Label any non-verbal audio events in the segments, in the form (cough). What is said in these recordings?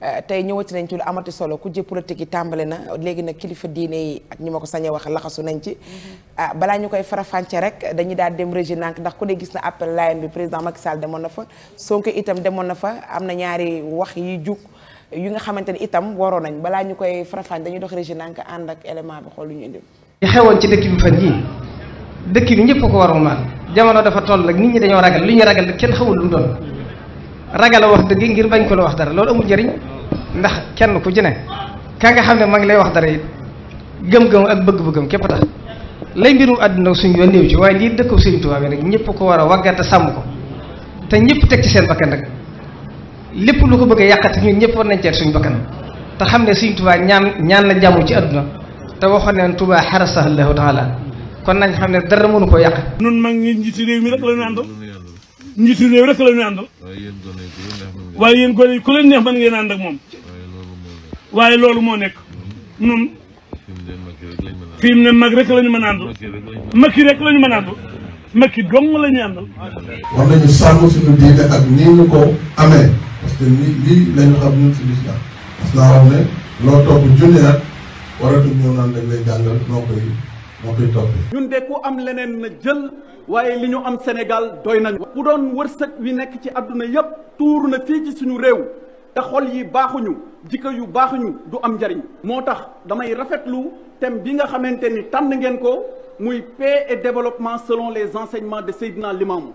Euh, tey ñëwati nañ ci lu amati solo ku jë politique yi tàmbale na léegi nag kilifa diine yi ñu ma ko sañee wax laxasu nañ ci. Mm-hmm. ah balaa ñu koy farafànce rek dañuy daal dem régi nank ndax ku ne gis na appel line bi président Macky Sall demoon na fa Sonko itam demoon na fa am na ñaari wax yi jug yu nga xamante ne itam waroon nañ balaa ñu koy farafànce dañuy dox régi nank ànd ak élément bi xool lu ñu indil. li xewoon ci dëkk bi fan yii dëkk bi ñëpp ko waroon ma jamono dafa toll rek nit ñi dañoo ragal li ñu ragal kenn ragal a wax dëgg ngir bañ ko la wax dara loolu amul njëriñ ndax kenn ku ci ne ka xam ne mag lay wax dara it gëm-gëm ak bëgg-bëggam képp tax lay mbirum àdduna suñ yoon néew ci waaye lii dëkk Sëriñ Tuubaa bi nag ñëpp ko war a waggate sàmm ko te ñëpp teg ci seen bakkan nag lépp lu ko bëgg a yàqate ñun ñëpp war nañ ceet suñu bakkan te xam ne Sëriñ Tuubaa ñaan ñaan na jàmm ci àdduna te waxoon ne Tuubaa xarasahu Allahu taala kon nañ xam ne ñu àndal njiitu réew rek la ñuy waaye yéen gone yi ku leen neex mën ngeen ànd ak moom waaye loolu moo nekk ñun fii mu ne mag rek la ñu mën a àndal makki rek lañu ñu mën a àndal makki dong la ñuy àndal war nañu sàmm suñu diine ak nii ñu ko amee parce que ni lii la ñu xam ñun si lislaam parce que naa xam ne loo topp junni waratu ñëw naan dañ lay jàngal noo koy moo ñun de ku am leneen na jël waaye li ñu am Sénégal doy nañu. bu doon wërsëg wi nekk ci àdduna yépp tuuru na fii ci suñu réew te xol yi baaxuñu jikko yu baaxuñu du am njariñ. moo tax damay rafetlu thème bi nga xamante ni tànn ngeen ko muy paix et développement selon les enseignements de Seydina Limamou.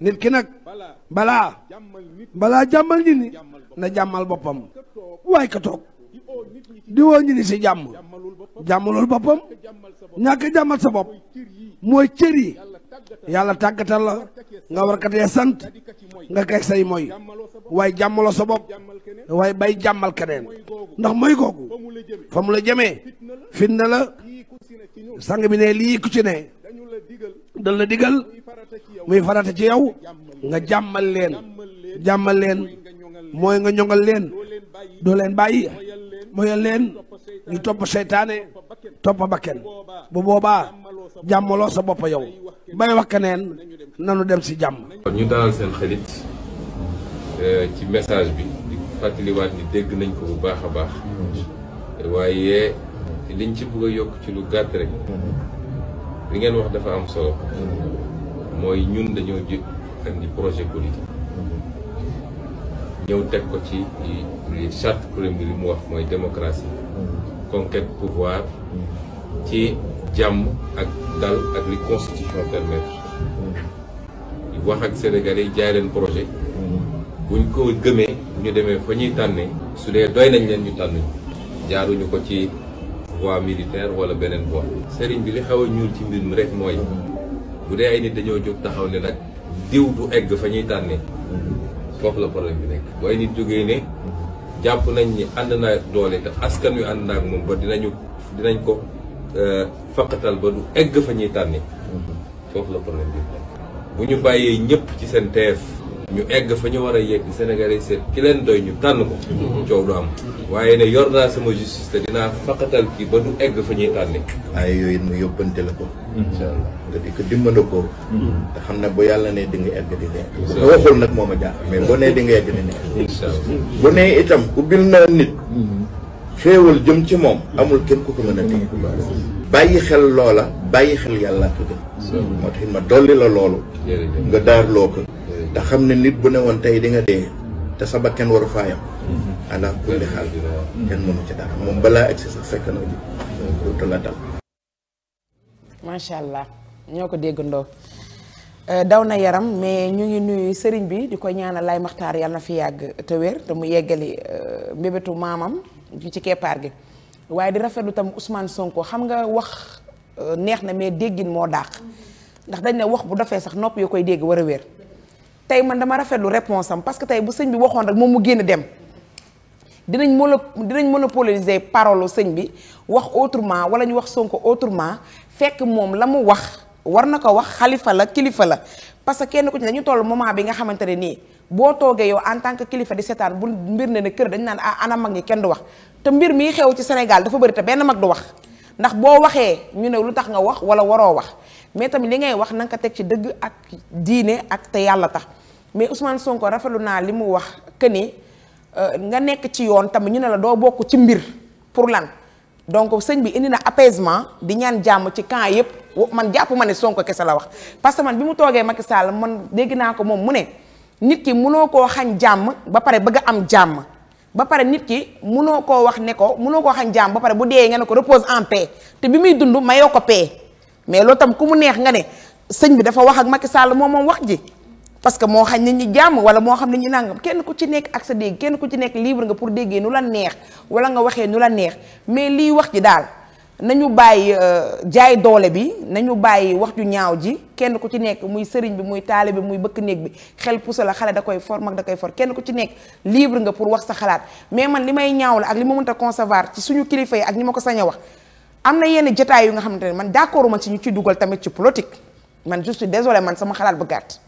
nit ki nag balaa balaa jàmmal nit ñi na jàmmal boppam waaye ka toog. di woo ñu ni si jàmm jàmmalul boppam ñàkk jàmmal sa bopp mooy cër yi yàlla tàggatal la nga war katee sant nga kay say mooy waaye jàmmaloo sa bopp waaye bay jàmmal keneen ndax mooy kooku fa mu la jëmee fitna la sang bi ne lii ku ci ne dal la digal muy farata ci yow nga jàmmal leen jàmmal leen mooy nga ñoŋal leen doo leen bàyyi moyal leen ñu topp seytaane topp bakken bu boobaa jàmmaloo sa bopp yow bay wax keneen nanu dem si jàmm ñu daal seen xarit euh, ci message bi di fàttaliwaat ni dégg nañ ko bu baax a baax waaye liñ ci bëgg yokk ci lu gàtt rek li ngeen wax dafa am solo mooy ñun dañoo jëkk ni projet politique ñëw teg ko ci li charte kuréel bi li mu wax mooy démocratie mm. conquête pouvoir mm. ci jàmm ak dal ak li constitution permettre mm. wax ak sénégalais yi jaay leen projet buñ ko gëmee ñu demee fa ñuy tànnee su dee doy nañ leen ñu tànn jaaruñu ko ci voie militaire wala beneen voie sëriñ bi li xaw a ñuul ci mbir mi rek mooy bu dee ay nit dañoo jóg taxaw ne nag diw du egg fa ñuy tànnee foofu la problème bi nekk bu ay nit jógee ne jàpp nañ ni ànd naa ak doole te askan wi ànd naa ak moom ba dinañu dinañ ko euh, faqatal ba du egg fa ñuy tànni mm-hmm. foofu bu ñu bàyyee ñëpp ci seen teef ñu egg fa ñu war a yegg Sénégalais seet ki leen doy ñu tànn ko coow du am waaye ne yor naa sama justice te dinaa faqatal kii ba du egg fa ñuy tànne waaye yooyu mu yóbbante la ko incha dikk nga di ko dimbali ko mm-hmm. xam ne bu yàlla di nga egg di ne nag moom a jaax mais boo di nga egg di ne incha allah bu nee itam ubbil na nit mm-hmm. xéewal jëm ci moom amul kenn ku ko mën a dégg mm-hmm. bàyyi xel loola bàyyi xel yàlla ko gën moo tax ma dolli la loolu nga daarloo ko te xam ne nit bu ne woon tey di nga dee te sa bakkan waru faayam mhm. ala kulli xaal kenn mënu ci dara moom balaa agsi sax fekk na ji dootu allah ñoo ko déggandoo euh, daw na yaram mais ñu ngi nuyu sëriñ bi di ko ñaanal lay maxtaar yàlla na fi yàgg te wér te mu yeggali euh, mbébétu maamam ci keppaar gi waaye di rafetlu tam Ousmane Sonko xam nga wax euh, neex na mais déggin moo daax ndax dañ ne wax bu dafee sax nopp yoo koy dégg war a wér tey man dama rafetlu réponse am parce que tey bu sëñ bi waxoon rek moom mu génn dem dinañ mono dinañ monopoliser parole sëñ bi wax autrement wala ñu wax Sonko autrement fekk moom la mu wax war na ko wax xalifa la kilifa la parce que kenn ku ci dañu toll moment bi nga xamante ne nii boo toogee yow en tant que kilifa di seetaan bu mbir ne ne kër dañu naan ah anam mag ñi kenn du wax te mbir mii xew ci Sénégal dafa bëri te benn mag du wax ndax boo waxee ñu ne lu tax nga wax wala waroo wax mais tamit li ngay wax na nga teg ci dëgg ak diine ak yàlla tax mais Ousmane Sonko rafetlu naa li mu wax que ni euh, nga nekk ci yoon tamit ñu ne la doo bokk ci mbir pour lan donc sëñ bi indi na apaisement di ñaan jàmm ci camp yëpp man jàpp ma ne Sonko kese la wax. parce que man bi mu toogee Macky Sall man dégg naa ko moom mu ne nit ki mënoo koo xañ jàmm ba pare bëgg am jàmm. ba pare nit ki munoo koo wax ne ko munoo koo xañ jaam ba pare bu dee nga ne ko repose en paix te bi muy dund mayoo ko paix mais loolu tam ku mu neex nga ne sëñ bi dafa wax ak Macky Sall moom moom wax ji parce que moo xam nit ñi jàmm wala moo xam nit ñi nangam kenn ku ci nekk ak sa dégg kenn ku ci nekk libre nga pour déggee nu la neex wala nga waxee nu la neex mais lii wax ji daal na ñu bàyyi euh, jaay doole bi nañu bàyyi wax ju ñaaw ji kenn ku ci nekk muy sëriñ bi muy taale bi muy bëkk néeg bi xel puso la xale da koy for mag da koy for kenn ku ci nekk libre nga pour wax sa xalaat mais man li may ñaaw la ak li ma mënta concevoir ci suñu kilifa yi ak ñi ma ko sañ a wax am na yenn jotaay yu nga xamante ne man d'accord man si ñu ciy dugal tamit ci politique man juste man sama xalaat bu gàtt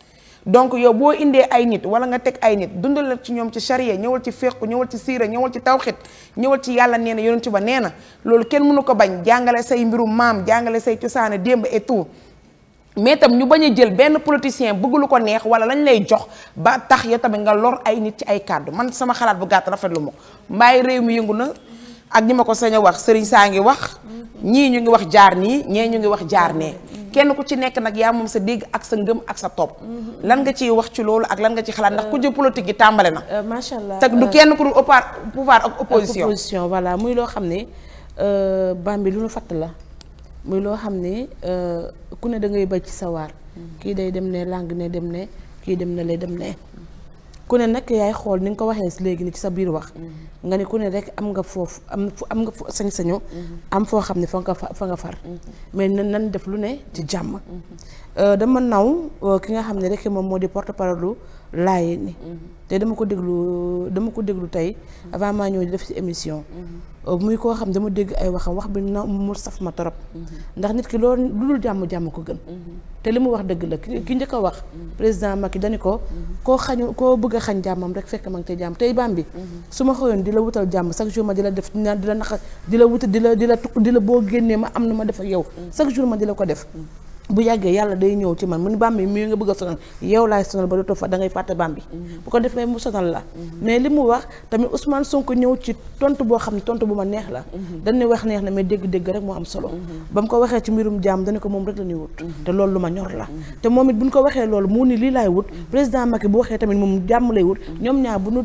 donc yow boo indee ay nit wala nga teg ay nit dundal la ci ñoom ci charia ñëwal ci fiqh ñëwal ci siira ñëwal ci tawxit ñëwal ci yàlla nee na ci ba nee na loolu kenn mënu ko bañ jàngale say mbirum maam jàngale say cosaana démb et tout mais tam ñu bañ a jël benn politicien bëgg lu ko neex wala lañ lay jox ba tax ya tamit nga lor ay nit ci ay kàddu man sama xalaat bu gàtt rafet ma ko mbaay réew mi yëngu na ak ñi ma ko sañ a wax sëriñ saa ngi wax ñii ñu ngi wax jaar nii ñee ñu ngi wax jaar nee kenn ku ci nekk nag yaa moom sa dégg ak sa ngëm ak sa topp lan nga ciy wax ci loolu ak lan nga ci xalaat ndax ku jë politique gi tàmbale na euh, euh, macha allah te du euh, kenn ku dul pouvoir ak opposition opposition voilà muy loo xam ne bambi lu nu fatt la muy loo xam ne ku ne da ngay bëj ci sa waar mm. kii day dem ne làng ne dem ne kii dem na le dem ne ku ne nag yaay xool ni nga ko waxee léegi ni ci sa biir wax mm-hmm. nga ne ku ne rek am nga foofu am am nga sañ-sañu mm-hmm. am foo xam ne fa nga fa nga far mm-hmm. mais nan nan def lu ne ci jàmm euh, dama naw euh, ki nga xam ne rek moom moo di porte parole laaye ni te dama ko déglu dama ko déglu tey avant maa ñëw di def ci émission euh, muy koo xam dama dégg ay waxam wax bi na mu saf ma torop ndax nit ki loolu lu dul jàmm jàmm ko gën te li mu wax dëgg la ki njëkk a wax président Macky dañu ko koo xañu koo bëgg a xañ jàmmam rek fekk ma ngi tey jàmm tey bam bi su ma xëyoon di la wutal jàmm chaque jour ma di la def di la naqa di la wutal di la di la tukk di la boo génnee ma am na ma def ak yow chaque jour ma di la ko def bu yàggee yàlla day ñëw ci man mu ni bambi mii nga bëgg a sonal yow laay sonal ba dootoo fa da fàtte bambi mm-hmm. bu ko defee mu sonal la mm-hmm. mais li mu wax tamit Ousmane sunk ñëw ci tontu boo xam ne tontu bu ma neex la mm-hmm. dañu wax neex na mais dégg-dégg rek moo am solo ba mu ko waxee ci mbirum jàmm dañu ko moom rek la ñuy wut te loolu lu ma ñor la te moom it bu ñu ko waxee loolu mu ni lii laay wut président Macky bu waxee tamit moom jàmm lay wut ñoom ñaar bu ñu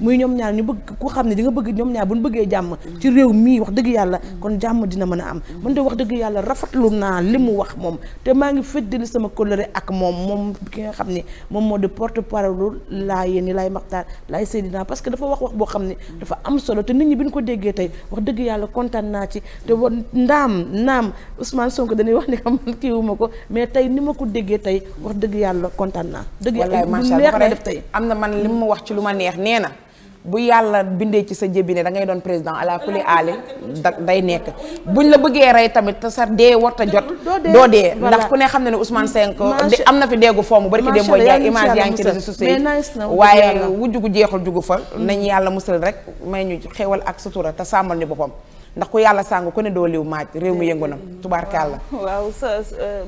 muy ñoom ñaar ñu bëgg ku xam ne di nga bëgg ñoom ñaar bu ñu bëggee jàmm ci réew mii wax dëgg yàlla kon jàmm dina mën a am man de wax dëgg yàlla rafetlu naa li mu wax moom te maa ngi feddali sama colère ak moom moom ki nga xam ne moom moo di porte parole laa yéen laay maxtaar laay Seydina parce que dafa wax wax boo xam ne dafa am solo te nit ñi bi ñu ko déggee tey wax dëgg yàlla kontaan naa ci te wa ndaam naam Ousmane Sonko dañuy wax ne xam man wu ma ko mais tey ni ma ko déggee tey wax dëgg yàlla kontaan naa dëgg yàlla lu neex na def tey am na man li mu wax ci lu ma neex nee na bu yàlla bindee ci sa jëbi ne dangay doon président ala kulli aali da day nekk buñ la bëggee rey tamit te sa dee war jot doo dee ndax ku ne xam ne ne Ousmane mm-hmm. Sonko am na fi deegu foomu bari ki dee mooy jaay image ngi ci réseaux sociaux yi waaye wujj gu jeexul jugu fa mm-hmm. nañ yàlla musal rek may ñu xewal ak sutura te sàmmal ñu boppam ndax ku yàlla sàng ku ne doo liw maaj réew mu yëngu na mm-hmm. la waaw sa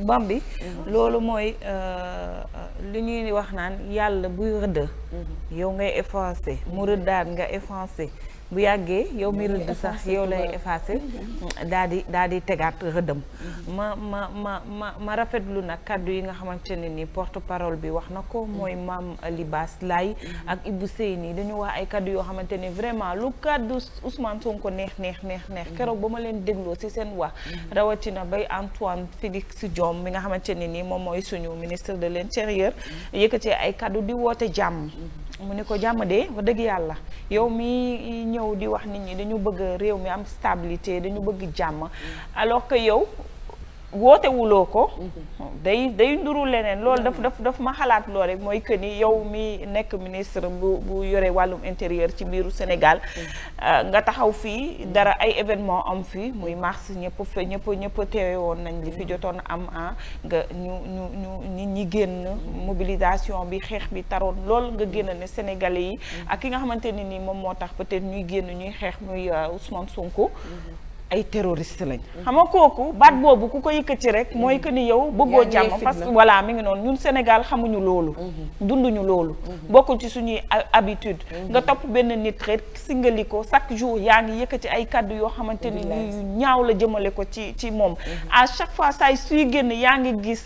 bam bi mm-hmm. loolu mooy euh, li ñuy wax naan yàlla buy rëdd mm-hmm. yow ngay effacé mu rëddaat nga effacé bu yàggee yow mi rëdd sax yow lay effacé mm-hmm. daal di daal di tegaat rëddam mm-hmm. ma ma ma ma ma rafetlu nag kàddu yi nga xamante ne ni porte parole bi wax na ko mm-hmm. mooy maam Libaas Laay ak Ibou Seyni dañu wax ay kàddu yoo xamante ne vraiment lu kàddu Ousmane Sonko neex neex neex neex keroog ba ma leen dégloo ci seen wax rawatina bay Antoine si Diome mi nga xamante ne ni moom mooy suñu ministre de l'intérieur yëkkati ay kàddu di woote jàmm mu ni ko jàmm de wax dëgg yàlla yow mi ñëw di wax nit ñi dañu bëgg réew mi am stabilité dañu bëgg jàmm alors que yow woote wuloo ko. Mhm. day day nduru leneen loolu daf daf daf ma xalaat loo rek mooy que ni yow mi nekk ministre bu bu yore wàllum intérieur ci biiru Sénégal. Mhm. Euh, nga taxaw fii mhm. dara ay événement am fii muy mars ñëpp fa ñëpp ñëpp teewe woon nañ li fi jotoon am ah nga ñu ñu ñu nit ñi génn. mobilisation bi xeex bi taroon lool nga génn ne Sénégalais yi. ak ki nga xamante ne nii moom moo tax peut-être ñuy génn ñuy xeex muy euh, Ousmane Sonko. ay terroriste lañ. Mm-hmm. xam nga kooku baat boobu ku ko yëkkati rek mm-hmm. mooy que ni yow bëggoo jàmm parce que voilà mi ngi noonu ñun Sénégal xamuñu loolu. Mm-hmm. dunduñu loolu. bokkul ci suñuy habitude. nga topp benn nit rek singali ko chaque jour yaa ngi yëkkati ay kàddu yoo xamante ni ñaaw la jëmale ko ci ci moom. à chaque fois saay suy génn yaa ngi gis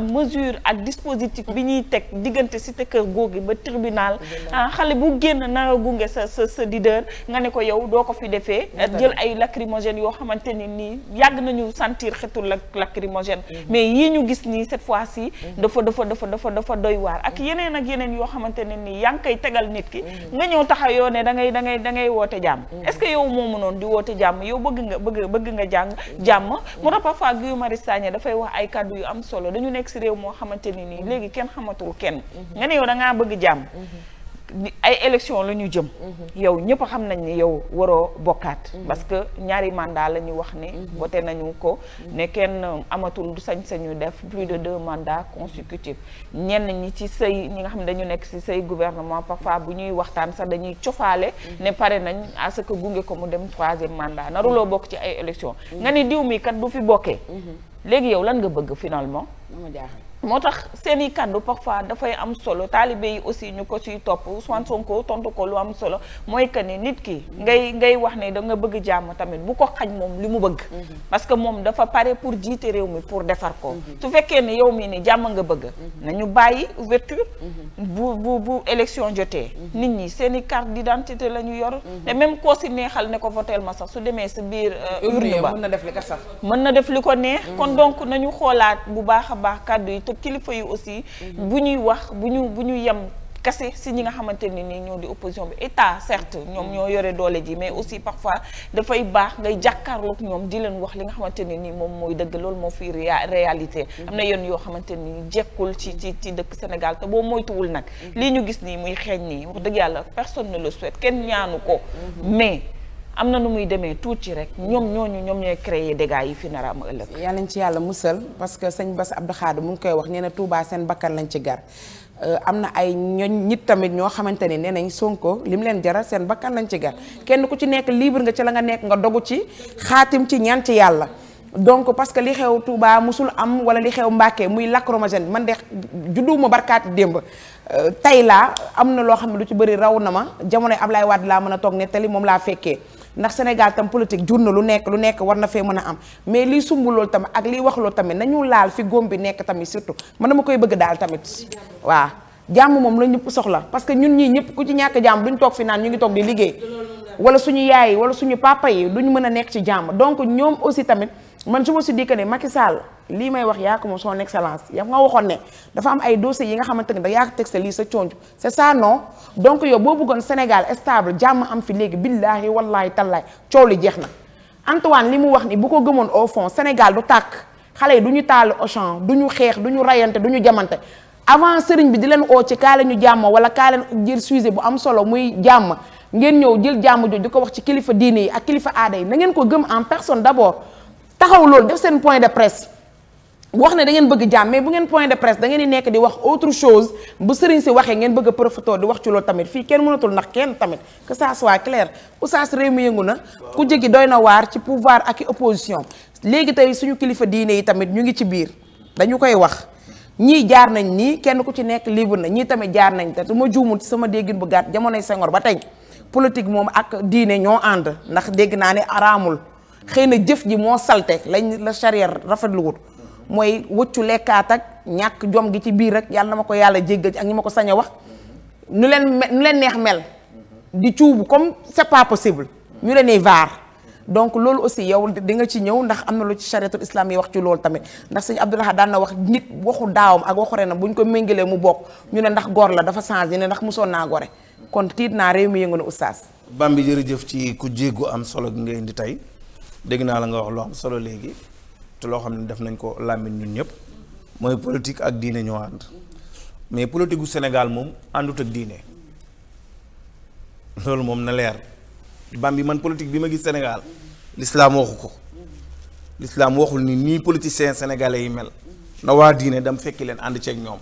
mesure ak dispositif bi ñuy teg diggante si cité kër góor gi ba tribunal ah, xale bu génn nara gunge sa sa sa nga ne ko yow doo ko fi defee. jël ay lacrymogène domaines yoo xamante ni nii yàgg nañu sentir xetul lak lacrymogène mais yi ñu gis nii cette fois si dafa dafa dafa dafa dafa doy waar ak yeneen ak yeneen yoo xamante ne nii yaa ngi koy tegal nit ki nga ñëw taxaw yoo ne da ngay da ngay da ngay woote jàmm est-ce que yow moo noonu di woote jàmm yow bëgg nga bëgg bëgg nga jàng jàmm moo tax parfois yu Marius Sagna dafay wax ay kàddu yu am solo dañu nekk si réew moo xamante ni nii léegi kenn xamatul kenn nga ne yow da ngaa bëgg jàmm ay élection la ñu jëm mhm. yow ñëpp xam nañ ni yow waroo bokkaat mhm. parce que ñaari mandat la ñu wax ne mhm. voté nañu ko ne kenn amatul sañ-sañu def plus de deux mandats consécutifs ñenn ñi ci say ñi nga xam ne dañu nekk ci say gouvernement parfois bu ñuy waxtaan sax dañuy cofaale ne pare nañ à ce que gunge ko mu dem troisième mandat naruloo bokk ci ay élection nga ni diw mi kat bu fi bokkee léegi yow lan nga bëgg finalement moo tax seen i kàddu parfois dafay am solo taalibe yi aussi ñu ko si topp Ousmane Sonko tontu ko lu am solo mooy que ne nit ki ngay ngay wax ne da nga bëgg jàmm tamit bu ko xaj moom li mu bëgg mhm. parce que moom dafa pare pour jiite réew mi pour defar ko mhm. su fekkee ne yow mii ni jàmm nga bëgg mhm. nañu bàyyi ouverture bu bu jotee nit ñi seen i carte d'identité la ñu yor te même koo si neexal ne ko votel ma sax su demee sa biir euh, urne ba mën na def li ko neex kon donc nañu xoolaat bu baax a baax kàddu yi te kilifa yi aussi. Mhm. bu ñuy wax bu ñu bu ñu yem. kase si ñi nga xamante ni nii ñoo di opposition bi état certes mhm. ñoom ñoo yore doole ji mais aussi parfois dafay baax ngay jàkkaarloog ñoom di leen wax li nga xamante ne nii moom mooy dëgg loolu moo fi réalité mhm. am na yoon yoo xamante ni jekkul ci ci ci dëkk Sénégal te boo moytuwul nag lii ñu gis nii muy xeeñ nii wax dëgg yàlla personne ne le souhaite kenn ñaanu ko mais am na nu muy demee tuuti rek ñoom ñooñu ñoom ñooy créer dégâts yi fi nar a am ëllëg. yal nañ ci yàlla musal parce que sëñ Bass Abdou Khadre mu ngi koy wax nee na Touba seen bakkan lañ ci gar. Euh, am na ay ñoñ nit tamit ñoo xamante ni nee nañ Sonko lim leen jaral seen bakkan lañ ci gar kenn ku ci nekk libre nga ci la nga nekk nga dogu ci xaatim ci ñaan ci yàlla. donc parce que li xew Touba musul am wala li xew Mbacke muy lacrymogène man de judduwuma barkaati démb euh, tey laa am na loo xam ne lu ci bëri raw na ma jamonoy Ablaye Wade laa mën a toog ne tali moom laa fekkee. ndax Sénégal tam politique jur na lu nekk lu nekk war na fee mën a am mais liy sumb loolu tamit ak liy wax loolu tamit nañu laal fi góom bi nekk tamit surtout na ma koy bëgg daal tamit waa jàmm moom la ñëpp soxla parce que ñun ñii ñëpp ku ci ñàkk jàmm duñ toog fi naan ñu ngi toog di liggéey wala suñu yaay yi wala suñu papa yi duñ mën a nekk ci jàmm donc ñoom aussi tamit man su ma si di que lii may wax yaa ko moom son excellence yaa nga waxoon ne dafa am ay dossiers yi nga xamante ne da yaa ko teg sa lii sa conc c'est non donc yow boo bëggoon Sénégal stable jàmm am fi léegi billaahi wallaahi tallaay coow li jeex na Antoine li mu wax nii bu ko gëmoon au fond Sénégal du tàkk xale yi du ñu taal Auchan du ñu xeex du ñu rayante du ñu jamante avant sëriñ bi di leen oo ci kaa ñu jàmm wala kaa leen jël sujet bu am solo muy jàmm ngeen ñëw jël jàmm jooju di ko wax ci kilifa diine ak kilifa aada na ngeen ko gëm en personne d'abord taxaw loolu def seen point de presse wax ne da ngeen bëgg jàmm mais bu ngeen point de presse da ngeen di nekk di wax autre chose bu sëriñ si waxee ngeen bëgg a di wax ci loolu tamit fii kenn mënatul ndax kenn tamit que ça soit clair oustaz réew mi yëngu na ku jegi doy na waar ci pouvoir ak i opposition léegi tey suñu kilifa diine yi tamit ñu ngi ci biir dañu koy wax ñii jaar nañ nii kenn ku ci nekk libre na ñii tamit jaar nañ te du ma juumul sama déggin bu gàtt jamonoy Senghor ba tey politique moom ak diine ñoo ànd ndax dégg naa ne araamul xëy na jëf ji moo salte lañ la charia rafetlu wut mooy wëccu lekkaat ak ñàkk jom gi ci biir rek yàlla na ma ko yàlla jéggal ak ñu ma ko sañ a wax nu leen nu leen neex mel di cuubu comme c'est pas possible ñu leen di vaar donc loolu aussi yow di nga ci ñëw ndax am na lu ci chariatul islam yi wax ci loolu tamit ndax sëñ Abdoulaye daan na wax nit waxu daawam ak waxu renam bu ñu ko méngalee mu bokk ñu ne ndax góor la dafa changé ne ndax mosoon naa gore kon naa réew mi yëngu na oustaz. Bambi jërëjëf ci ku am solo gi nga tey. dégg naa la nga wax loo am solo léegi te loo xam ne def nañ ko làmmiñ ñun ñëpp mooy politique ak diine ñoo ànd mais politique gu Sénégal moom àndut ak diine loolu moom na leer bi man politique bi ma gis Sénégal l'islam waxu ko l'islam waxul ni nii politiciens sénégalais yi mel na waa diine dam fekki leen ànd ceeg ñoom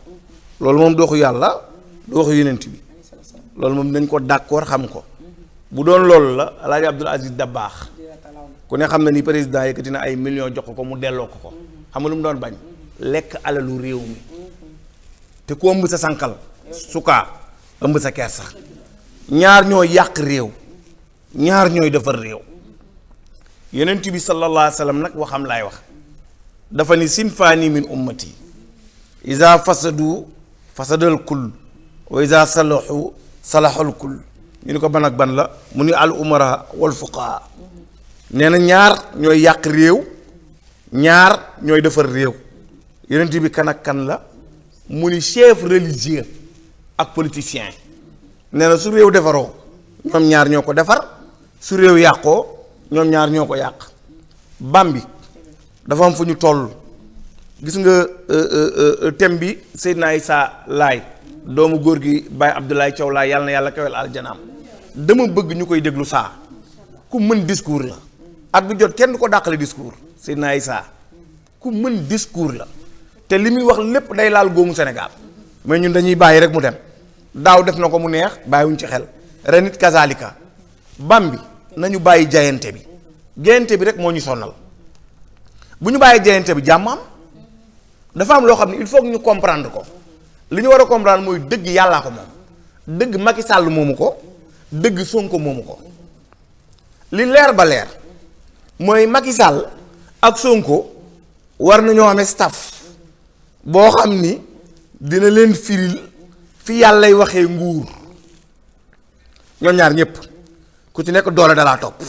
loolu moom dooxu yàlla du waxu yonent bi loolu moom nañ ko d'accord xam ko bu doon loolu la El Hadj Abdoul Aziz baax ku ne xam na ni président yëkkati na ay millions jox ko mu delloo ko ko xam nga lu mu doon bañ lekk alalu réew mi te ku ëmb sa sànqal sukaa ëmb sa kersa ñaar ñoo yàq réew ñaar ñooy defar réew yonent bi sallallahu alayhi wa sallam nag waxam laay wax dafa ni sinfaani min ummati isa fasadu fasadal kull wa isa salahu salahal ñu ni ko ban ak ban la mu ni al umara wal fuqaa nee na ñaar ñooy yàq réew ñaar ñooy defar réew yonent bi kan ak kan la mu ni chef religieux ak politicien nee na su réew defaroo ñoom ñaar ñoo ko defar su réew yàqoo ñoom ñaar ñoo ko yàq Bambi dafa am fu ñu toll gis nga euh, euh, euh, thème bi Seydina Issa Laay doomu góor gi Baye Abdoulaye Thiaw Laay yàlla na yàlla kawel aljanaam dama bëgg ñu koy déglu saa ku mën discours la ak bu jot kenn du ko dàqale discours Seydina Issa ku mën discours la te li muy wax lépp day laal góomu senegal mais ñun dañuy bàyyi rek mu dem daaw def na ko mu neex bàyyiwuñ ci xel ren it kazalika bam bi nañu bàyyi jayante bi jayante bi rek moo ñu sonal bu ñu bàyyi jayante bi jàmm dafa am loo xam ne il faut ñu comprendre ko li ñu war a comprendre mooy dëgg yàllaa ko moom dëgg Macky Sall moomu ko dëgg Sonko moomu ko li leer ba leer mooy Macky Sall ak Sonko war nañoo amee staf boo xam ni dina leen firil fi yàllay waxee nguur ñoom ñaar ñëpp ku ci nekk doole dalaa topp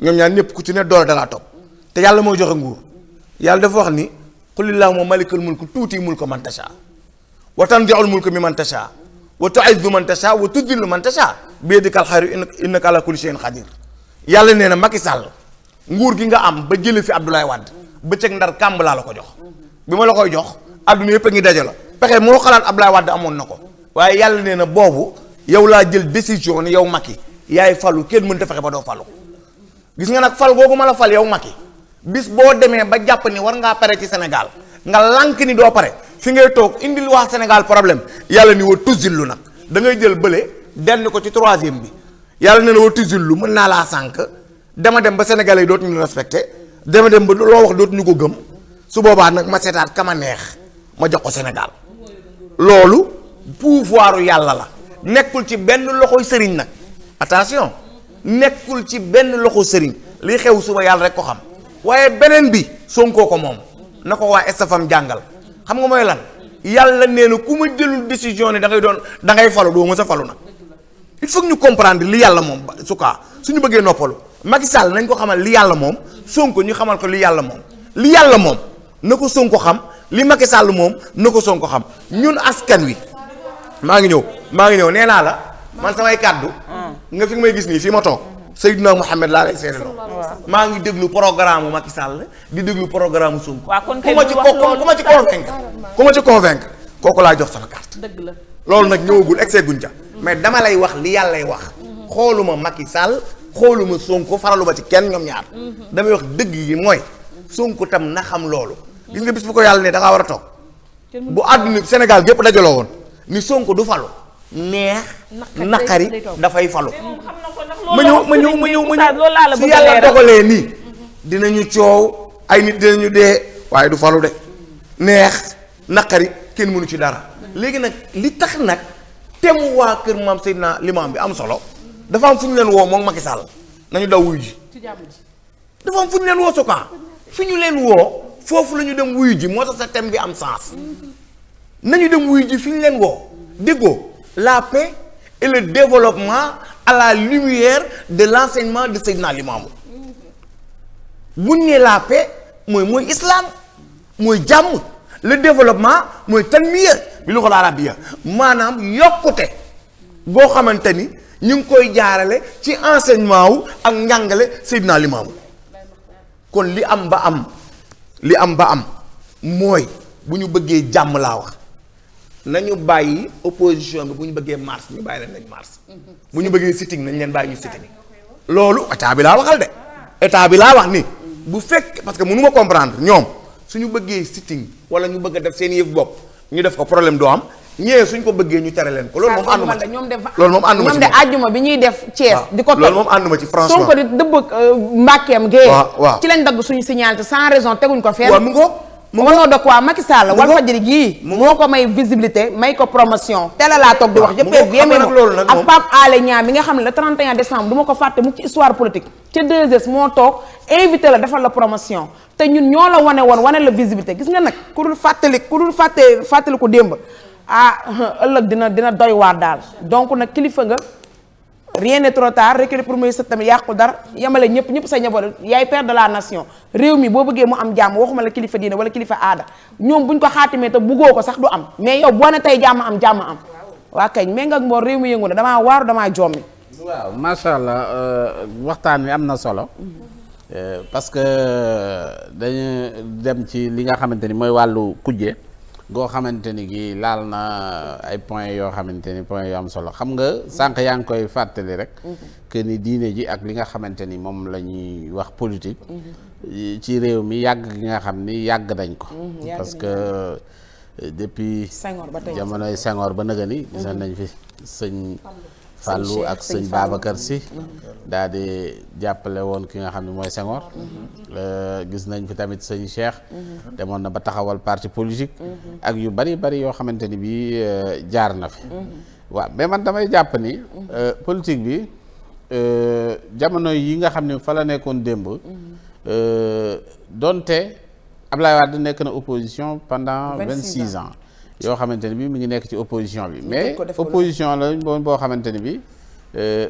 ñoom ñaar ñëpp ku ci nekk doole dalaa topp te yàlla moo joxe nguur yàlla dafa wax ni qulillahumma malikal mulku tuuti mulka man tasha wa tanzi'ul mulka mimman tasha wa tu'izzu man tasha wa tudhillu man tasha biyadikal khayru innaka ala kulli shay'in qadir yàlla nee na Macky Sall nguur gi nga am ba jële fi Abdoulaye Wade bëccëg ndar kàmb laa la ko jox bi ma la koy jox adduna yëpp a ngi daje la pexe moo xalaat Abdoulaye Wade amoon na ko waaye yàlla nee na boobu yow laa jël décision ne yow Macky yaay falu kenn mënta fexe ba doo falu gis nga nag fal googu ma la fal yow Macky bis boo demee ba jàpp ni war ngaa pare ci Sénégal nga lànk ni doo pare fi ngay toog indil waa Sénégal problème yàlla ni wa lu nag da ngay jël bële denn ko ci troisième bi yàlla ne na wa tuzillu mën naa laa sànq dama dem ba sénégalais yi dootuñu la dema dama dem ba loo wax dootuñu ko gëm su boobaa nag ma seetaat kama neex ma jox ko Sénégal loolu pouvoiru yàlla la nekkul ci benn loxo sëriñ nag attention nekkul ci benn loxo sëriñ li xew suba yàlla rek ko xam waaye beneen bi Sonko ko moom na ko waa estafam jàngal xam nga mooy lan yàlla nee na ku ma jëlul décision ne da ngay doon da ngay falu doo ma sa falu nag il faut ñu comprendre li yàlla moom su kaa suñu bëggee noppalu Macky Sall nañ ko xamal li yàlla moom Sonko ñu xamal ko li yàlla moom li yàlla moom na ko Sonko xam li Macky Sall moom na ko Sonko xam ñun askan wi maa ngi ñëw maa ngi ñëw nee naa la man samay kàddu nga fi may gis nii fii ma toog Seydina Mouhamed laa lay seedeloo maa ngi déglu programme mu Macky Sall di déglu programme Sonko. waaw kon ku ma ci ku ma ci convaincre ku ma ci convaincre kooku laa jox sama carte. dëgg la loolu nag ñëwagul excès guñ mais dama lay wax li yàlla lay wax xooluma Macky Sall. xooluma Sonko faraluma ci kenn ñoom ñaar. Mhm. damay wax dëgg yi mooy. Sonko tam na xam loolu. gis nga bis bu ko yàlla ne war a toog. bu àdduna Sénégal gépp dajaloo woon ni Sonko du falu. neex naqari dafay falu. ma ñëw ma ñëw ma ñëw ma ñëw su yàlla dogalee nii. Mhm. dinañu coow ay nit dinañu dee waaye du falu de. neex naqari kenn mënu ci dara. Mhm. léegi nag li tax nag te mu waa kër maam Seydina limaam bi am solo. dafa am fu ñu leen woo moom Macky Sall nañu daw wuyu ji dafa am fu ñu leen woo Sokan fi ñu leen woo foofu la ñu dem wuy ji moo tax sa thème bi am sens nañu dem wuyu ji fi ñu leen woo déggoo la paix et le développement à la lumière de l'enseignement de Seydina Limamou buñ ne la paix mooy mooy islam mooy jàmm le développement mooy tanmiya bi lu ko la arabiya maanaam yokkute boo xamante ni ñu ngi koy jaarale ci enseignement wu ak njàngale Seydina Limaamu kon li am ba am li am ba am mooy bu ñu bëggee jàmm laa wax nañu bàyyi opposition bi bu ñu bëggee mars ñu bàyyi leen nañ mars bu ñu bëggee sitting nañ leen bàyyi ñu sitting loolu état bi laa waxal de état bi laa wax ni bu fekk parce que mënu ma comprendre ñoom su ñu bëggee sitting wala ñu bëgg a def seen yëf bopp ñu def ko problème doo am ñëwee suñ ko bëggee ñu tere leen ko loolu moom ànduma ci loolu moom ànduma ci ñoom de àjjuma ko di dëbb euh, mbàkkeem gée ci lañ dagg suñu signal te sans raison teguñ ko fenn waaw mu ngoog mu ngoog mënoo dog waa Macky Sall Walfadjri gii moo ko may visibilité may ko promotion teel a laa toog di wax jëppee yéeme ma ak Pape Alé nga xam ne le 31 décembre du ma ko fàtte mu ci histoire politique ca 2S moo toog invité la defal la promotion te ñun ñoo la wane woon wane la visibilité gis nga nag ku dul fàttali ku dul fàtte fàttali ko démb ah (laughs) ëllëg dina dina doy waar daal donc nag kilifa nga rien n'est trop tard pour muy sët tamit yàqu dara yemale ñëpp ñëpp sa njaboot yaay père de la nation réew mi boo bëggee mu am jàmm waxuma la kilifa diine wala kilifa aada ñoom buñ ko xaatimee te buggoo ko sax du am mais yow boo ne tey jàmm am jàmm am waa kañ mais nga mboor réew mi yëngu na damaa waaru damaa jommi waaw macha allah euh, waxtaan wi am na solo euh, parce que euh, dañu dem ci li nga xamante ni mooy wàllu kujje goo xamante ni gii laal na ay points yoo xamante ni points yu am solo xam nga sànq yaa ngi koy fàttali rek mhm. que ni diine ji ak li nga xamante ni moom la ñuy wax politique mhm. ci réew mi yàgg gi nga xam ni yàgg dañ ko mhm, parce que euh, depuis jamonoy sangoor ba nëga ni nañ fi sëñ Fallou ak sëñ Babacar Sy mm-hmm. daal di jàppale woon ki nga xam ne mooy Senghor mm-hmm. euh, gis nañ fi tamit sëñ Cheikh mm-hmm. demoon na ba taxawal parti politique ak yu bari bari yoo xamante ni bii euh, jaar na fi waaw mais man damay jàpp ni euh, politique bi jamono yi nga xam ne fa la nekkoon démb donte Ablaye Wade nekk na opposition pendant vingt six ans yoo xamante ne bi mi ngi nekk ci opposition bi mais opposition la bo boo xamante ne bi euh,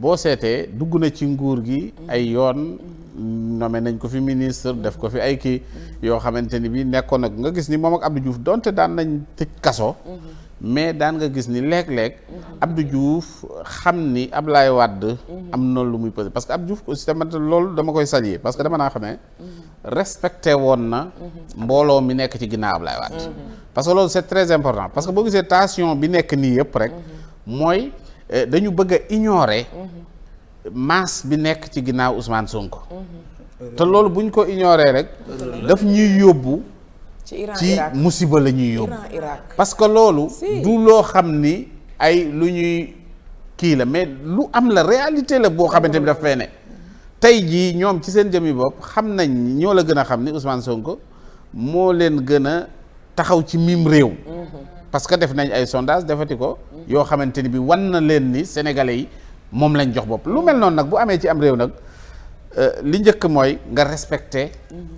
boo seetee dugg na ci nguur gi ay yoon nommé nañ ko fi ministre def ko fi ay kii yoo xamante ni bi nekkoon nag nga gis ni moom ak Abdou Diouf donte daan nañ tëj kaso mhm. mais daan nga gis ni léeg-léeg mhm. Abdou Diouf xam ni ab Ablaye Wade mhm. am na lu muy posé parce que Abdou Diouf aussi tamit loolu dama koy saluer parce que dama naa xamee respecté woon na mbooloo mi nekk ci ginnaaw Ablaye Wade parce que loolu c'est très important parce que boo gisee tension bi nekk nii yëpp rek mooy euh, dañu bëgg a ignorer bi nekk ci ginnaaw Ousmane Sonko te loolu buñ ko ignorer rek daf ñuy yóbbu ci musiba la ñuy yóbbu parce que loolu du loo xam ni ay lu ñuy kii la mais lu am la réalité la boo xamante ni dafa fay tey jii ñoom ci seen jëmi bopp xam nañ ñoo la gën a xam ni Ousmane Sonko moo leen gën a taxaw ci miim réew. parce que def nañ ay sondage defati ko. yoo xamante ni bi wan na leen ni sénégalais yi moom lañ jox bopp lu mel noonu nag bu amee ci am réew nag euh, li njëkk mooy nga respecter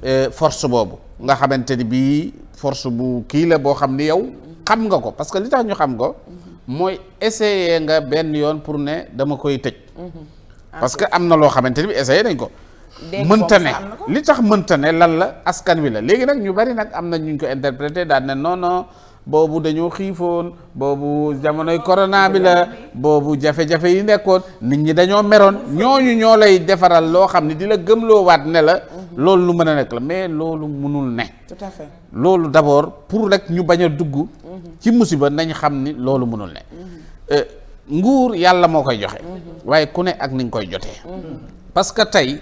euh, force boobu nga xamante ni bii force bu kii la boo xam ni yow xam nga ko parce que li tax ñu xam ko mooy essayer nga benn yoon pour ne dama koy tëj. parce que am na loo xamante ni bi essayé nañ ko mënta ne li tax mënta ne lan la askan wi la léegi nag ñu bari nag am na ñu ko interprété daan ne non non boobu dañoo xiifoon boobu jamonoy corona bi la boobu jafe-jafe yi nekkoon nit ñi dañoo meroon ñooñu ñoo lay defaral loo xam ne di la gëmloowaat ne la loolu lu mën a nekk la mais loolu mënul ne tout à fait loolu d'abord pour rek ñu bañ a dugg ci musiba nañ xam ni loolu mënul ne mhm. euh, nguur yàlla moo koy joxe waaye ku ne ak ni nga koy jotee parce que tey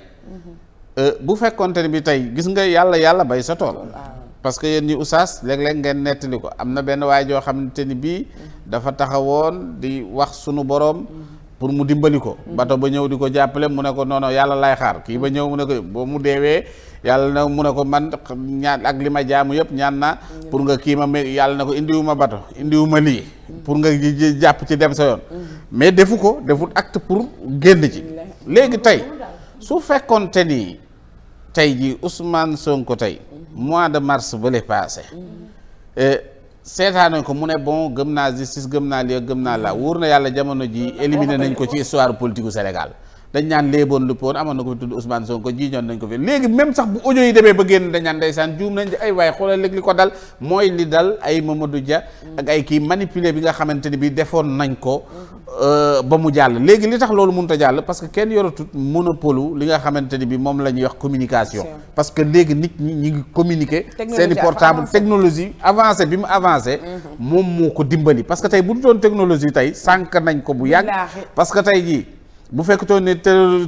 euh, bu fekkonte ne bi tey gis nga yàlla yàlla bay sa tool parce que yéen ñi oustaz léeg ngeen nettali ko am na benn waay joo xamante ni bii dafa taxawoon di wax sunu borom pour mu dimbali ko bato ba ñëw di ko jàppale mu ne ko noono yàlla lay xaar kii ba ñëw mu ne ko boo mu deewee yàlla na mu ne ko man ñaan ak li ma jaamu yëpp ñaan na pour nga kii ma yàlla na ko indiwu ma bato indiwu ma lii pour nga jàpp ci dem sa yoon mais defu ko deful acte pour génn ci léegi tey su fekkoonte ni tey ji son Sonko tey mois de mars ba le passé eh, seetaanoñ ko mu ne bon gëm naa justice gëm naa lii gëm naa la wóor na yàlla jamono ji éliminé nañ ko ci histoire politique u Sénégal dañ naan léeboon lu poon amoon na ko fi tudd Ousmane Sonko jiiñoon nañ ko fi léegi même sax bu audio yi demee ba génn dañ ñaan ndeysaan juum nañ ay waaye xoolal léegi li ko dal mooy li dal ay Mamadou Dia ay kii manipuler bi nga xamante ni bi defoon nañ ko euh, ba mu jàll léegi li tax loolu mënut a jàll parce que kenn yoratut monopole li nga xamante ni bi moom la ñuy wax communication parce que léegi nit ñi ñi ngi communiquer seeni portable technologie avancé bi mu avancé mhm. moom moo ko dimbali parce que tey bu du doon technologie tey sànk nañ ko bu yàgg parce que tey jii bu fekkutoon ne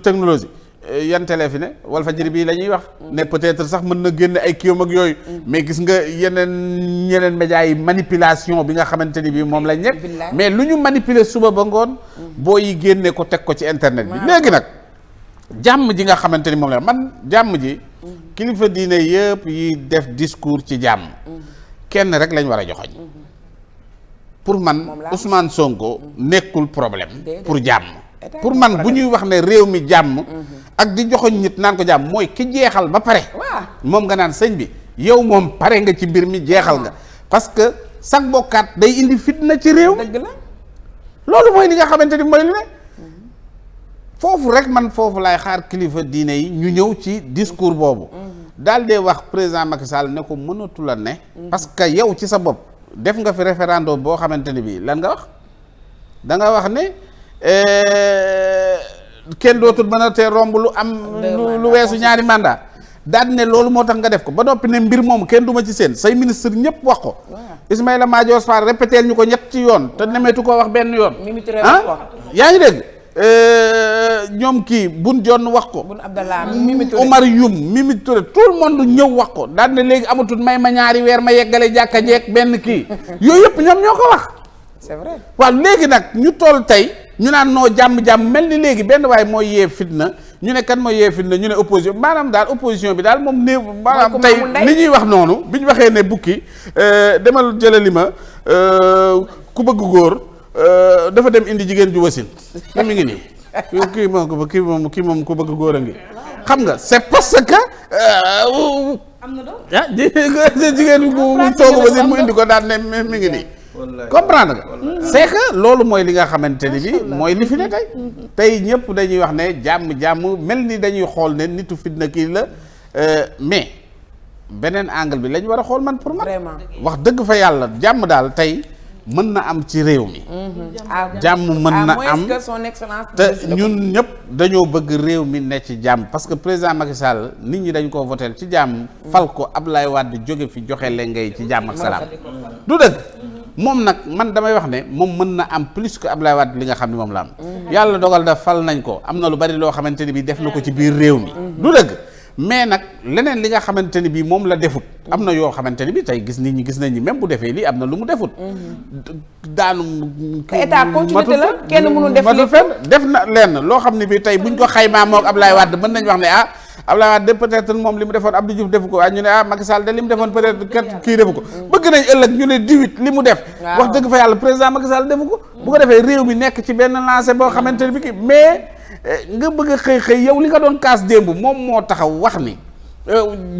technologie eh, yan télé fi ne Walfadjri bii la ñuy wax. Mm. ne peut-être sax mën na génne ay kiom yooyu. Mm. mais gis nga yeneen yeneen médias yi manipulation bi nga xamante ni bii moom lañ nekk. mais lu ñu manipuler suba ba ngoon. Mm. boo yi génne ko teg ko ci internet bi. léegi nag jàmm ji nga xamante ni moom la man jàmm ji. kilifa diine yëpp yi def discours ci jàmm. kenn rek lañ war a joxoñ mm-hmm. pour man Ousmane Sonko mm-hmm. nekkul problème pour jàmm. pour man bu ñuy wax ne réew mi jàmm mhm. ak di joxoñ nit naan ko jàmm mooy ki jeexal ba pare moom nga naan sëñ bi yow moom pare nga ci mbir mi jeexal nga parce que sax bokkaat day indi fitna ci réew dëgg la loolu mooy li nga xamante ni mooy lu ne mhm. foofu rek man foofu lay xaar kilifa diine yi ñu ñëw ci discours boobu mhm. daal dee wax présent Macky Sall ne ko mënatula ne parce yow ci sa bopp def nga fi référendum boo xamante ni bii lan nga wax danga wax ne Eh, kenn dootul mën a te romb lu am lu weesu ñaari mandat daal ne loolu moo tax nga def ko ba noppi ne mbir moom kenn duma ci seen say ministre ñëpp wax ko Ismaïla Madior Fall répété ñu ko ñetti yoon te nemeetu ko wax benn yoon ah yaa ngi dégg eh, ñoom kii bun jonn wax ko Omar Youm Mimi Touré tout le monde ñëw wax ko daal ne léegi amatul may ma ñaari weer ma yeggale jàkka jeeg benn kii (laughs) yooyu yëpp ñoom ñoo ko wax c'est vrai waaw léegi nag ñu toll tey ñu naan noo jàmm-jàmm mel ni léegi benn waaye mooy yee fitna ñu ne kan mooy yee fitna ñu ne opposition maanaam daal opposition bi daal moom néew maanaam tey li ñuy wax noonu bi ñu waxee ne bukki euh, demal jëlali ma euh, ku bëgg góor euh, dafa dem indi jigéen ju wasin mu mi ngi nii kii moom kii moom kii moom ku bëgg góor a ngi xam nga c'est parce que am na doom ah jigéen bu toogu wasin mu indi ko daal ne mi ngi nii comprendre nga c'est que loolu mooy li nga xamante ni bi mooy li fi ne tey tey ñëpp dañuy wax ne jàmm-jàmm mel ni dañuy xool ne nitu fitna kii la euh, mais beneen angle bi lañ war a xool man pour man wax dëgg fa yàlla jàmm daal tey mën na am ci réew mi mm-hmm. jàmm mën na am te ñun ñëpp dañoo bëgg réew mi ne ci jàmm parce que président Macky nit ñi dañ ko votel ci jàmm fal ko ab Ablaye Wade jóge fi joxe leen ngay ci jàmm ak salaam mm-hmm. du dëgg moom nag man damay wax ne moom mën na am plus que Abdoulaye Wade li nga xam ne moom la am yàlla dogal da fal nañ ko am na lu bari loo xamante ni bi def na ko ci biir réew mi mm-hmm. du dëgg mais nag leneen li nga xamante ni bi moom la defut am na yoo xamante ni bi tey gis nit ñi gis nañ ni même bu defee lii am na lu mu defut mm-hmm. daanu état continuité la kenn mënul def li def na lenn loo xam ne bi tey buñ ko xaymaa moog Abdoulaye Wade mën nañ wax ne ah Abdoulaye Wade de peut-être moom li mu defoon Abdou defu ko waaye ñu ne ah Macky Sall de li mu defoon peut-être kat kii defu ko mm. bëgg nañ ëllëg ñu ne diwit li mu def wax dëgg fa yàlla président Macky Sall defu ko bu ko defee réew mi nekk ci benn lancé boo xamante ne bi kii mais eh, nga bëgg a xëy xëy yow li nga doon kaas démb moom moo taxaw wax ni eh,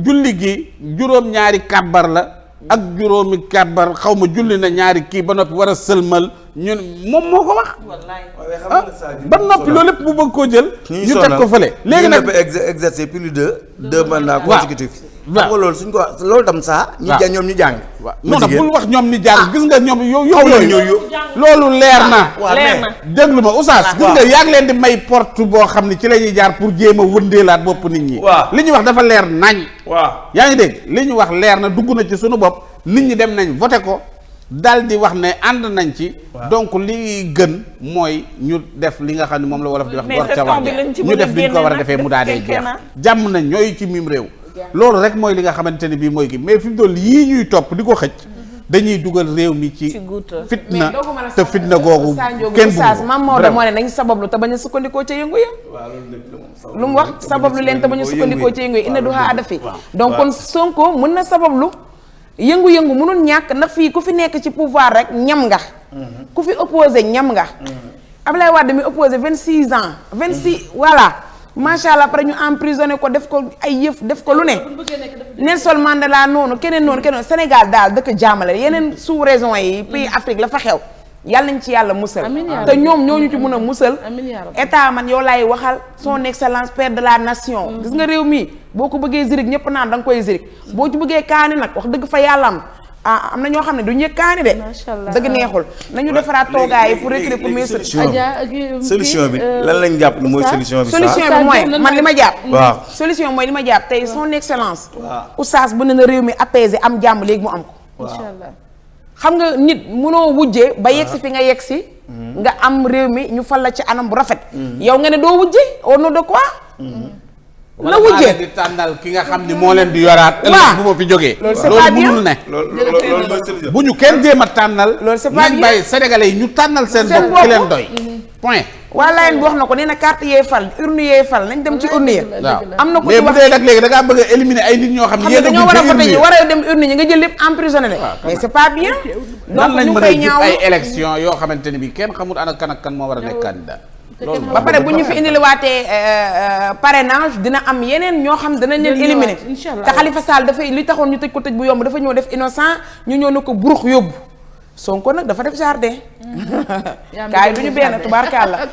julli gi juróom ñaari kàbbar la ak juróomi kàbbar xaw ma julli na ñaari kii ba noppi war a sëlmal ñun moom moo ko wax. wallaay ah, ba noppi loolu lépp bu bëgg koo jël. ñu teg ko fële. léegi nag exercer plus de deux mandats consécutifs. waaw xam loolu suñ ko loolu tam saa. waaw ñi ñoom ñu jàng. waaw non non wax ñoom ni jaar ah. gis nga ñoom yow yow. yooyu loolu leer na. Ah, leer na déglu ma oustaz. gis nga yaa ngi leen di may porte boo xam ne ci la ñuy jaar pour jéem a wëndeelaat bopp nit ñi. li ñu wax dafa leer nañ. waaw yaa ngi dégg li ñu wax leer na dugg na ci suñu bopp nit ñi dem nañ voté ko dal di wax ne ànd nañ ci. donc li gën mooy ñu def li nga xam ne moom la wolof di wax. gor ca wax ñu def li ñu ko war a defee mu daa dee jeex. jàmm na ñooy ci mim réew. loolu rek mooy li nga xamante ne bii mooy gi mais fi mu toll yii ñuy topp di ko xëcc. dañuy dugal réew mi ci. fitna te fitna googu. kenn bëgg maam Maodo moo ne nañu sabablu te bañ a sukkandikoo ca yëngu yëngu. lu mu wax sabablu leen te bañ a sukkandikoo ca yëngu yëngu. inna duha adafi donc kon Sonko mën na sabablu yëngu-yëngu mënul ñàkk ndax fii ku fi nekk ci pouvoir rek ñam nga. Mhm. ku fi opposé ñam nga. Mhm. Ablaye Wade demi opposé vingt six ans. vingt six mhm. voilà. macha allah après ñu emprisonné ko def ko ay yëf def ko lu ne. Nelson Mandela noonu keneen noonu keneen Sénégal daal dëkk jaamale yeneen sous-région yi. pays Afrique la fa xew. yàlla nañ ci yàlla musal te ñoom ñooñu ci mën a musal état man yow laay waxal son excellence père de la nation mm-hmm. gis nga réew mi boo ko bëggee zirik ñépp naan da nga koy zirik boo ci bëggee kaani nag wax dëgg fa yàlla am ah am na ñoo xam ne du ñu kaani de dëgg neexul nañu defaraat toogaay pour recruter pour ministre solution bi euh, lan lañ jàpp mooy solution bi solution bi mooy man li ma jàpp waaw mm-hmm. solution mooy li ma jàpp tey son excellence oustaz bu ne na réew mi apaisé am jàmm mu am ko xam nga nit munoo wujje ba ah. yegsi fi nga yegsi mm-hmm. nga am réew mi ñu fal la ci anam bu rafet mm-hmm. yow nga ne doo wujje au nom de quoi mm-hmm. la wujjee di tàndal ki nga xam ni moo leen di yoraat. waaw bu ma fi jógee. loolu munul ne. bu ñu kenn jéem a tànnal. loolu c'est pas nañ bàyyi sénégalais yi ñu tànnal seen bopp ki leen doy. Mm-hmm. point. waa Layeen bi wax na ko nee na carte yee fal urne yee fal nañ dem ci urne ya am na ko ci wax nag léegi da bëgg a éliminer ay nit ñoo xam ne dañoo war war a dem urne ñi nga jël lépp emprisonné la mais c'est pas bien. donc ñu koy mën a ay élection yoo xamante ni bi kenn xamul ana kan ak kan moo war a ba pare bu ñu fi indiliwaatee euh, euh, parrainage dina am yeneen ñoo xam danañ leen éliminer te Khalifa Sall dafay li taxoon ñu tëj ko tëj bu yomb dafa ñëw def innocent ñu ñëw na ko burux yóbbu Sonko nag dafa def jardin mm. (laughs) kaay du ñu benn tubaarkàlla (laughs)